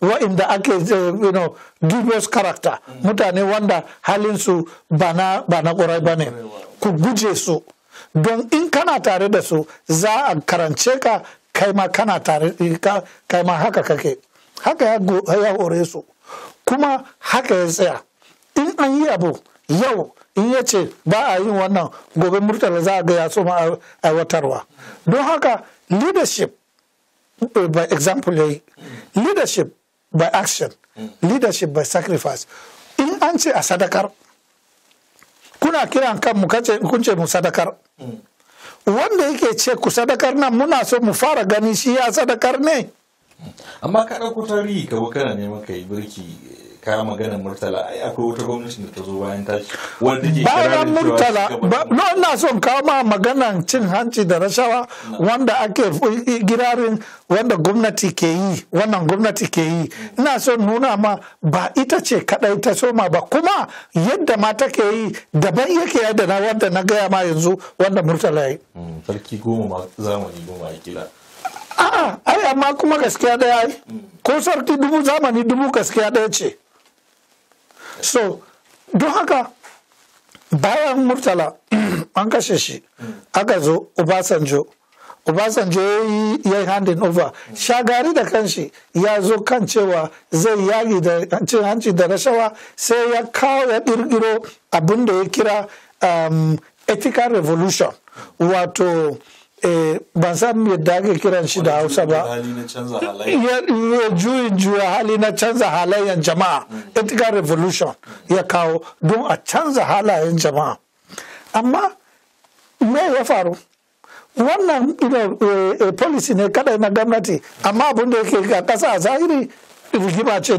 wa'inda ake uh, you know, dubious character mutane wanda halinsu ba na ƙurai ba ne ku guje su don in kana tare da su za a karance ka kai ma kana tare kai ma haka kake haka ya hore su kuma haka ya tsaya in an yi abu yau in ya ce ba a yin wannan gobe murtala za a ga ya aiwatarwa don haka leadership eh, by example ya yi leadership by action leadership by sacrifice in an ce a sadakar kuna kiran kan mu kun ce mu sadakar wanda yake ce ku sadakar nan muna so mu fara gani shi ya sadakar ne amma ka ɗauko tarihi ka kana neman ka yi birki Kama magana murtala ai akwai wata gwamnatin da ta zo bayan ta wanda ke bayan murtala no ina son kama magana cin hanci da rashawa wanda ake girarin wanda gwamnati ke yi wannan gwamnati ke yi ina son nuna ma ba ita ce kadai ta soma ba kuma yadda ma take yi daban yake yadda na wanda na gaya ma yanzu wanda murtala yi mm, sarki goma zamani goma kila a'a ai amma kuma gaskiya daya mm. ko sarki dubu zamani dubu gaskiya daya ce so don haka bayan murtala an kashe shi aka zo obasanjo obasanjo ya yi handing over shagari da kanshi ya zo kan cewa zai yagi da cin hanci da rashawa sai ya kawo ya ƙirƙiro abin da ya kira um, ethical revolution wato Eh, ban san da ake kiran shi da hausa ba juyin juya hali na canza halayen jama'a hmm. ethical revolution hmm. ya kawo don a canza halayen jama'a amma me ya faru wannan eh, eh, policy ne kadai na gwamnati amma abin da yake ga kasa a zahiri rigima ce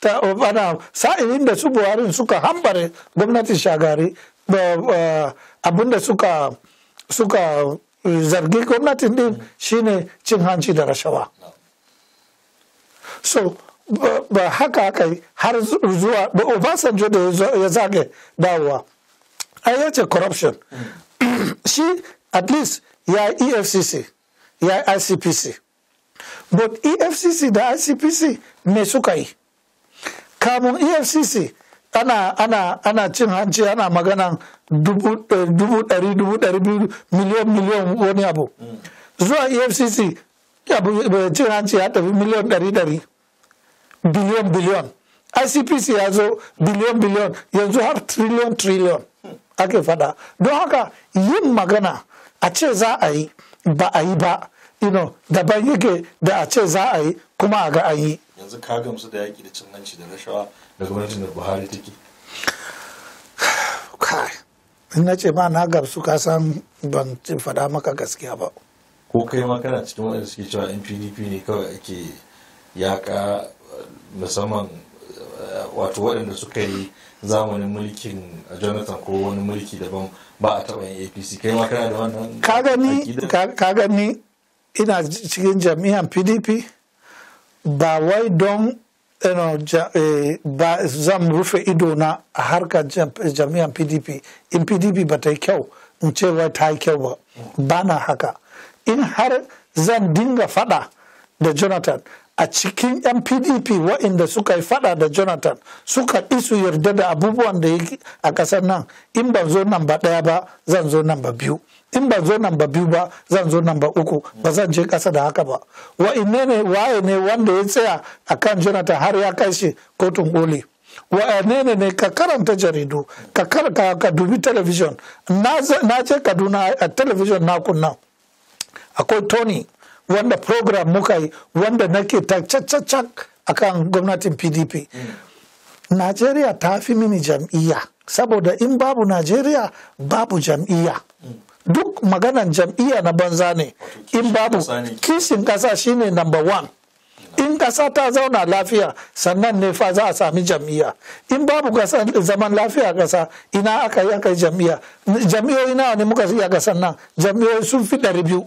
ta ana sa'irin da su buhari suka hambare gwamnati shagari abin da suka suka zargi gwamnatin din shine cin hanci da rashawa so ba haka kai yi har zuwa ba obasanjo da ya zage dawowa ai ya ce corruption shi at least ya efcc ya icpc but efcc da icpc me suka yi kamun efcc ana ana ana cin hanci ana magana eh, dubu ɗari dubu ɗari biyu miliyan miliyan wani abu zuwa efcc eh, cin hanci ya tafi miliyan ɗari ɗari biliyon biliyon icpc ya zo biliyon biliyon yanzu har triliyon triliyon ake fada don haka yin magana a ce za a yi ba a yi ba know, daban yake da a ce za a yi kuma a ga an yi yanzu ka gamsu da yaƙi da cin hanci da rashawa da gwamnatin da buhari take in na ce ma na gamsu ka san ban faɗa maka gaskiya ba ko kai ma kana cikin waɗanda suke cewa yan pdp ne kawai ake yaƙa eh, musamman eh, wato waɗanda suka yi zamanin mulkin jonathan ko wani mulki daban ba a taɓa yin apc kai ma kana da wannan ka gani ina cikin jami'an pdp ba wai don E, ba zan rufe ido na a harkar jami'an pdp in pdp ba ta yi kyau in cewa ta yi kyau ba ba na haka in har zan dinga fada da jonathan a cikin yan pdp waɗanda suka yi fada da jonathan suka isu yarda da abubuwan da yake a ƙasar nan in ban zo nan ba ɗaya ba zan zo nan ba biyu in ban zo nan ba biyu ba zan zo nan ba uku ba zan je ƙasa da haka ba wa ne waye ne wanda ya tsaya akan jonathan har ya kai shi kotun koli inne ne ka karanta jaridu ka ka dubi television na je kaduna a television na kunna akwai tony wanda program muka yi wanda nake a akan gwamnatin pdp najeriya ta fi mini jam'iyya saboda in babu najeriya babu jam'iyya duk maganan jam'iyya na banza ne in babu kishin kasa shine number one in kasa ta zauna lafiya sannan ne fa za a sami jam'iyya in babu zaman lafiya kasa ina aka yi aka yi jam'iyya jam'iyyoyi nawa ne muka yi a sannan nan jam'iyyoyi sun fi ɗari biyu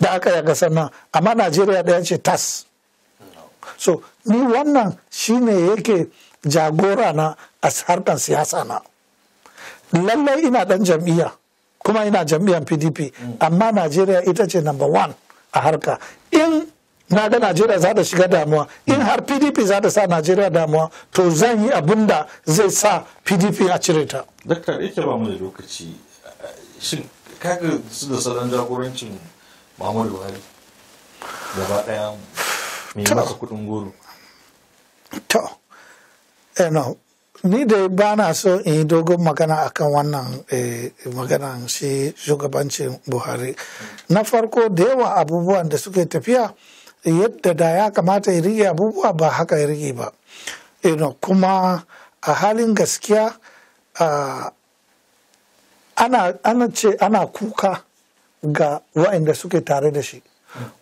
da aka yi a sannan amma najeriya ɗaya ce tas so ni wannan shine yake jagora na a harkar siyasa na lallai ina ɗan jam'iyya kuma ina jam'iyyar pdp amma najeriya ita ce number one a harka in na ga najeriya za ta shiga damuwa in har pdp za ta sa najeriya damuwa to zan yi abin da zai sa pdp a cire ta daktar yake ba mu da lokaci shin kaga su da salon jagorancin muhammadu buhari gaba daya mai masa kudin goro to eh no ni da ba na so in yi dogon magana akan wannan eh, maganan shi shugabancin buhari na farko da yawa abubuwan da suke tafiya yadda da ya kamata ya rige abubuwa ba haka ya rige ba kuma a halin gaskiya ana ce ana kuka ga wa'inda suke tare da shi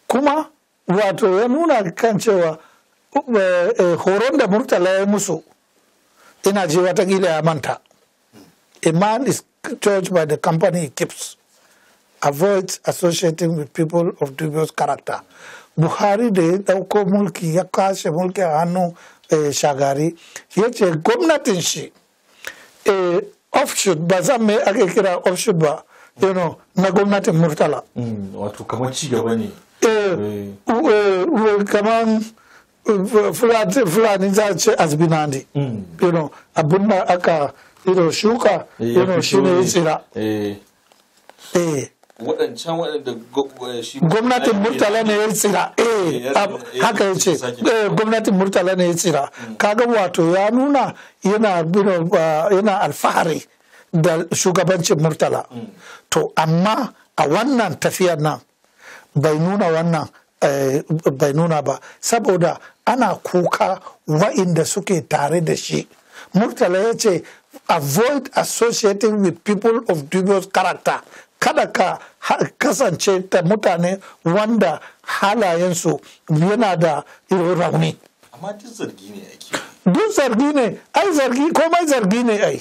kuma wato ya nuna kan cewa eh, eh, horon da murtala ya musu ina ji watakila ya manta a man is judged by the company he keeps avoid associating with people of dubious character buhari da ya dauko mulki ya kashe mulki a hannun eh, shagari ya ce gwamnatin shi eh, offshoot ba zan mai ake kira offshoot ba you know, na gwamnatin murtala mm, wato kamar ci gaba ne eh, kamar fulani za ce azbina hmm. abinda aka ido aka shuka eh, eh. Eh. shi ne ya tsira waɗancan waɗanda shi gwamnatin murtala ne ya tsira haka ya ce gwamnatin murtala ne ya tsira kaga wato ya nuna yana alfahari da shugabancin murtala hmm. to amma a wannan tafiyar nan bai nuna wannan Eh, bai nuna ba saboda ana kuka wa'inda suke tare da shi murtala ya ce avoid associating with people of dubious character kada ka kasance ta mutane wanda halayensu yana da rauni amma duk zargi ne ake zargi ne ai zargi komai zargi ne ai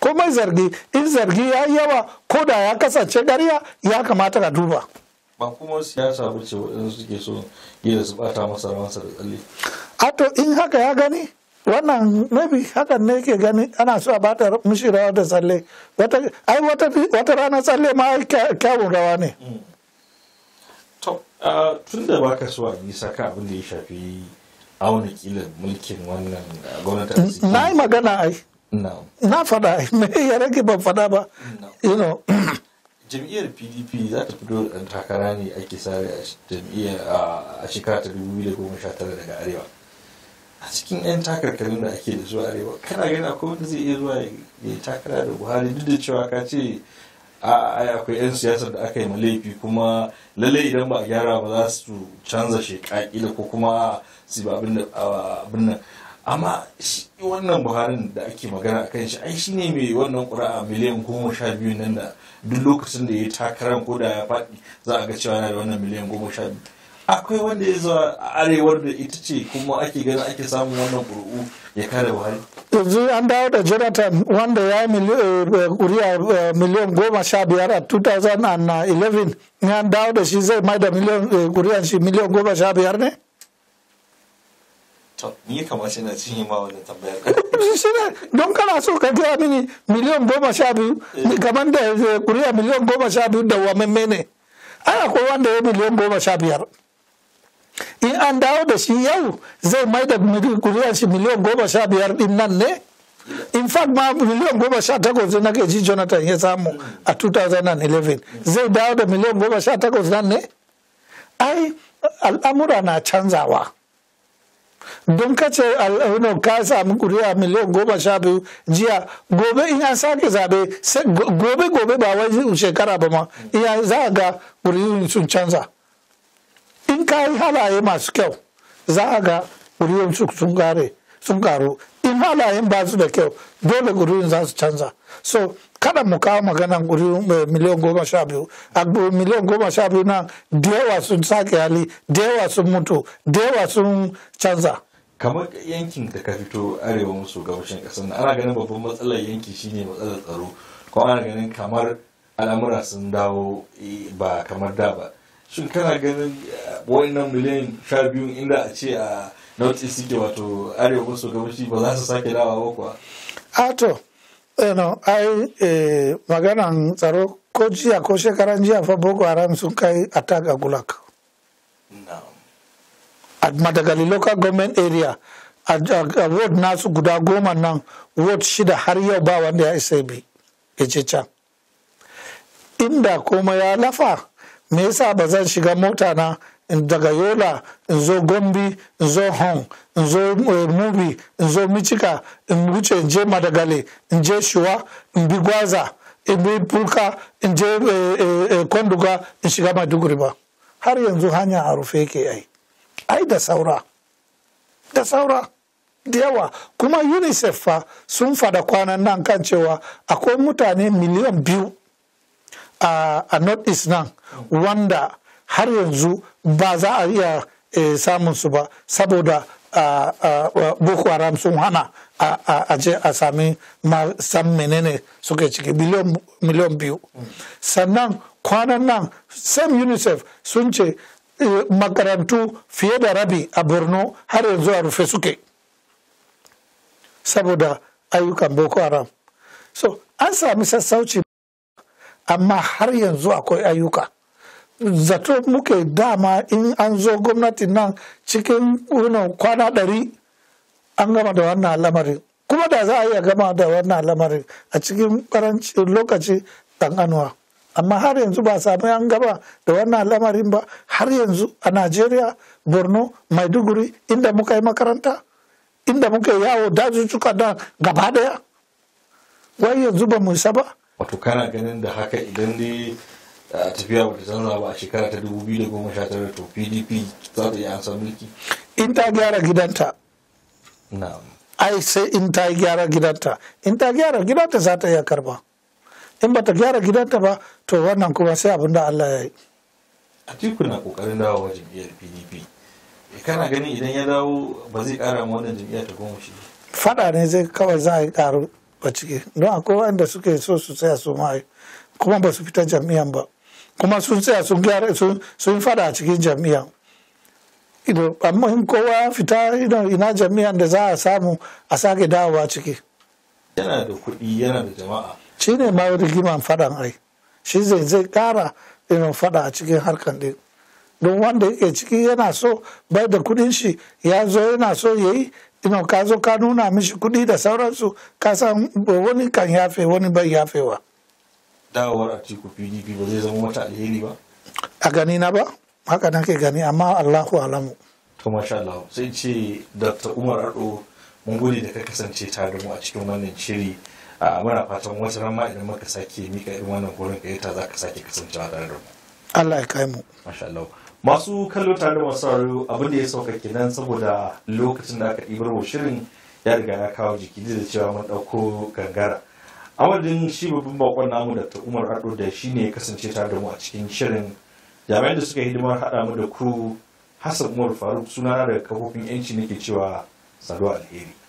komai zargi in zargi ya yawa ko da ya kasance ƙarya ya kamata ka duba ba kuma siyasa ba ce waɗansu suke so yi da su bata masa rawansa da tsalle. a to in haka ya gani wannan maybe hakan ne ke gani ana so a bata mishi rawa da tsalle ai wata rana tsalle ma kyawun rawa ne. Mm. tun da baka so a nisa ka abin da ya shafi auna kilan mulkin wannan gwamnati na yi magana ai na faɗa me ya rage ban faɗa ba you know jam'iyyar pdp za ta fito da takara ne ake sare a jam'iyyar a shekara ta 2019 daga arewa a cikin 'yan takarkarin da ake da zuwa arewa kana gani akwai wanda zai iya zuwa ya takara da buhari duk da cewa ka ce akwai 'yan siyasar da aka yi laifi kuma lallai idan ba a gyara ba za su canza shekakila ko kuma su ba abin nan amma wannan buharin da ake magana a kan shi ai shine mai wannan ƙura'a miliyan goma sha biyu nan da duk lokacin da ya takarar ko ya faɗi za a ga cewa yana da wannan miliyan goma sha biyu akwai wanda ya zuwa arewar da ita ce kuma ake ganin ake samun wannan ƙuri'u ya kare buhari yanzu an dawo da jonathan wanda ya yi eh, eh, ƙuri'a eh, miliyan goma sha biyar a 2011 in an dawo da shi zai mai da ƙuri'an shi miliyan goma sha biyar ne ni kamar shi na cinye ma wannan tambayar don kana so ka gaya mini miliyan goma sha biyu gaban eh. da eh, kuriya miliyan goma sha biyu da wa ne ana ko wanda ya miliyan goma sha biyar in an dawo da shi yau zai mai da kuriyar shi miliyan goma sha biyar din nan ne in fact ma miliyan goma sha takwas na ke ji jonathan ya samu hmm. a 2011 zai dawo da miliyan goma sha takwas nan ne ai al'amura na canzawa don kace eh, no, ka samu kuri'a miliyan goma sha biyu jiya gobe in an sake zabe gobe gobe ba wai shekara ba ma iya za a ga kuri'un sun canza in ka yi halaye masu kyau za a ga kuri'un sun sun karu in halayen ba su da kyau dole kuri'un za su canza so kada mu kawo maganan miliyan goma sha biyu miliyan goma sha biyu na, da yawa sun sake hali da yawa sun mutu da yawa sun canza kamar yankin da ka fito arewa musu gabashin kasar ana ganin babban matsalar yanki shine matsalar tsaro kuma ana ganin kamar al'amura sun dawo eh, ba kamar da ba shin kana ganin eh, wannan miliyan sha biyu inda a ce a north east wato arewa maso gabashi ba za su sake dawa ba kuwa ato Eh, no, ai eh, maganan tsaro ko jiya ko shekaran jiya fa boko haram sun kai attack a gulag no. a madagali local government area a ward nasu guda goma nan ward shida har yau ba wanda ya isa bi ya ce can inda kuma ya lafa me yasa ba zan shiga mota na daga yola in zo gombe in zo hong in zo eh, mubi in zo michika in wuce in je madagale in je shuwa in bi gwaza in bi pulka in je eh, eh, konduga in shiga maduguri ba har yanzu hanya a rufe ke ai ai da saura da saura da yawa kuma unicef fa sun fada kwanan nan kan cewa akwai mutane miliyan biyu a north east nan wanda har yanzu ba za a iya eh, samun su ba saboda boko haram sun hana a je a sami san menene suke ciki miliyan biyu sannan kwanan nan sam unicef sun ce eh, makarantu fiye da rabi a borno har yanzu a rufe suke saboda ayyukan boko haram so an sami sassauci amma har yanzu akwai ayyuka zato muke dama in an zo gwamnati nan cikin kwana ɗari an gama da wannan lamarin kuma da za a iya gama da wannan lamarin a cikin karancin lokaci dan anuwa amma har yanzu ba sami an gama da wannan lamarin ba har yanzu a najeriya borno maiduguri inda muka yi makaranta inda muka yawo dajujjuka da gaba daya wai yanzu ba mu isa ba wato kana ganin da haka idan ne tafiya ba ta zauna ba a shekara ta 2019 to pdp za ta yi an san mulki in ta gyara gidanta ai sai in ta gyara gidanta in ta gyara gidanta za ta iya karba in ba ta gyara gidanta ba to wannan kuma sai abin da allah ya yi atiku na kokarin dawo wa jam'iyyar pdp eh, kana gani idan ya dawo ba zai kara ma wannan jam'iyyar ta goma shi fada ne zai kawai za a yi karu a ciki don akwai wanda suke so su tsaya su ma'ai kuma ba su fita jam'iyyar ba kuma sun tsaya sun gyara sun fada a cikin ido amma in kowa fita ina jami'a da za a samu a sake dawowa ciki yana da kuɗi yana da jama'a shi ne ma rigiman fadan ai shi zai zai kara irin fada a cikin harkan ɗin don wanda yake ciki yana so bai da kuɗin shi ya zo yana so ya yi ino ka zo ka nuna mishi kuɗi da sauransu ka san wani kan yafe wani bai yafewa. dawowar atiku pdp ba zai zama wata alheri ba a gani na ba haka nan ke gani amma allahu alamu to masha allah sai ce dr umar ado mun gode da ka kasance tare mu a cikin wannan shiri a muna fatan wata rama idan muka sake mika irin wannan gurin gayyata za ka sake kasancewa tare da mu allah ya kai mu masha allah masu kallo tare masu sauraro abin da ya sauka kenan saboda lokacin da aka ɗibar shirin ya riga ya kawo jiki da cewa mun ɗauko gangara a shi babban bakon namu da umar haɗo da shi ne kasance tare da mu a cikin shirin jami'an da suka hidimar haɗa mu da ku hassan umar faruk suna daga kafofin yanci nake cewa salo alheri